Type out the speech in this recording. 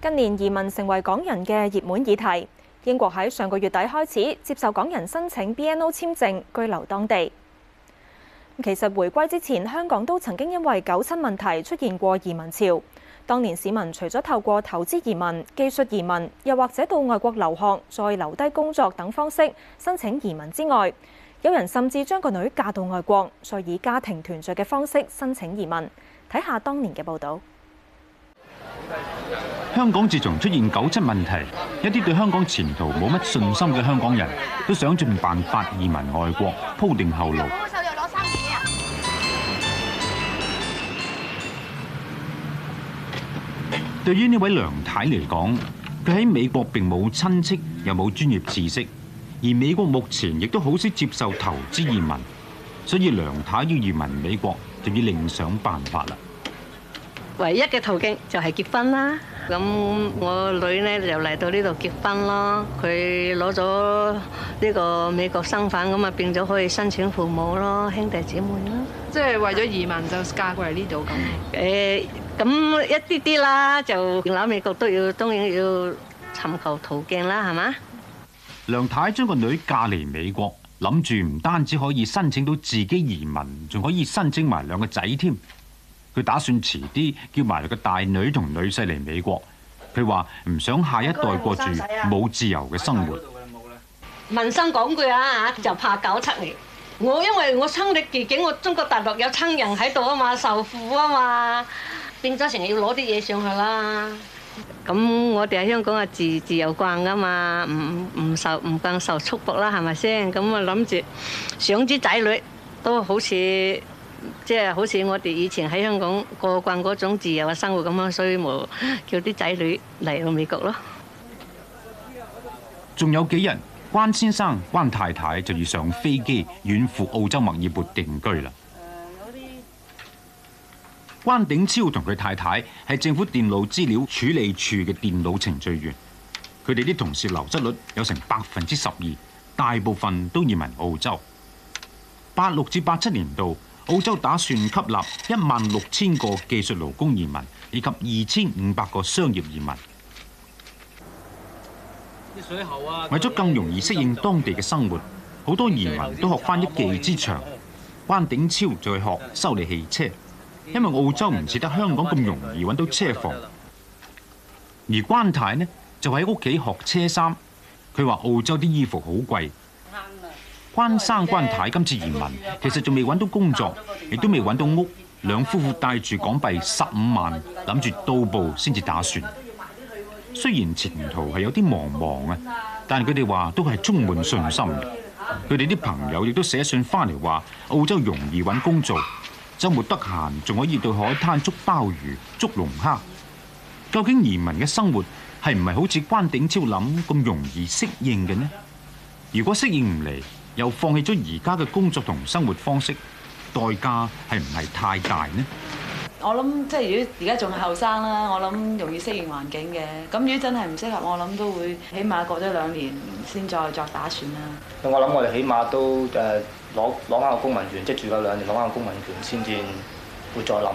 近年移民成為港人嘅熱門議題。英國喺上個月底開始接受港人申請 BNO 簽證居留當地。其實回歸之前，香港都曾經因為九七問題出現過移民潮。當年市民除咗透過投資移民、技術移民，又或者到外國留學再留低工作等方式申請移民之外，有人甚至將個女嫁到外國，再以，以家庭團聚嘅方式申請移民。睇下當年嘅報導。香港自從出現九七問題，一啲對香港前途冇乜信心嘅香港人都想盡辦法移民外國，鋪定後路。對於呢位梁太嚟講，佢喺美國並冇親戚，又冇專業知識，而美國目前亦都好少接受投資移民，所以梁太要移民美國就要另想辦法啦。唯一嘅途徑就係結婚啦。咁我女咧又嚟到呢度結婚咯，佢攞咗呢個美國身份，咁啊變咗可以申請父母咯、兄弟姐妹啦。即係為咗移民就嫁過嚟呢度咁。誒、啊，咁一啲啲啦，就攬美國都要當然要尋求途徑啦，係嘛？梁太將個女嫁嚟美國，諗住唔單止可以申請到自己移民，仲可以申請埋兩個仔添。佢打算遲啲叫埋個大女同女婿嚟美國。佢話唔想下一代過住冇自由嘅生活。民生講句啊，就怕搞出嚟。我因為我親歷其境，我中國大陸有親人喺度啊嘛，受苦啊嘛，變咗成日要攞啲嘢上去啦。咁我哋喺香港啊，自自由慣噶嘛，唔唔受唔更受束縛啦，係咪先？咁啊諗住想啲仔女都好似。即係好似我哋以前喺香港過慣嗰種自由嘅生活咁咯，所以冇叫啲仔女嚟到美國咯。仲有幾日，關先生、關太太就要上飛機遠赴澳洲墨爾本定居啦。關鼎超同佢太太係政府電腦資料處理處嘅電腦程序員，佢哋啲同事流失率有成百分之十二，大部分都移民澳洲。八六至八七年度。澳洲打算吸納一萬六千個技術勞工移民，以及二千五百個商業移民。啊、為咗更容易適應當地嘅生活，好多移民都學翻一技之長。關頂超就去學修理汽車，因為澳洲唔似得香港咁容易揾到車房。而關太呢就喺屋企學車衫，佢話澳洲啲衣服好貴。關生關太今次移民，其實仲未揾到工作，亦都未揾到屋。兩夫婦帶住港幣十五萬，諗住到步先至打算。雖然前途係有啲茫茫啊，但佢哋話都係充滿信心。佢哋啲朋友亦都寫信翻嚟話，澳洲容易揾工做，周末得閒仲可以到海灘捉鮑魚、捉龍蝦。究竟移民嘅生活係唔係好似關鼎超諗咁容易適應嘅呢？如果適應唔嚟，又放棄咗而家嘅工作同生活方式，代價係唔係太大呢？我諗即係如果而家仲後生啦，我諗容易適應環境嘅。咁如果真係唔適合，我諗都會起碼過咗兩年先再作打算啦。我諗我哋起碼都誒攞攞翻個公民權，即係住咗兩年，攞翻個公民權先至會再諗咯。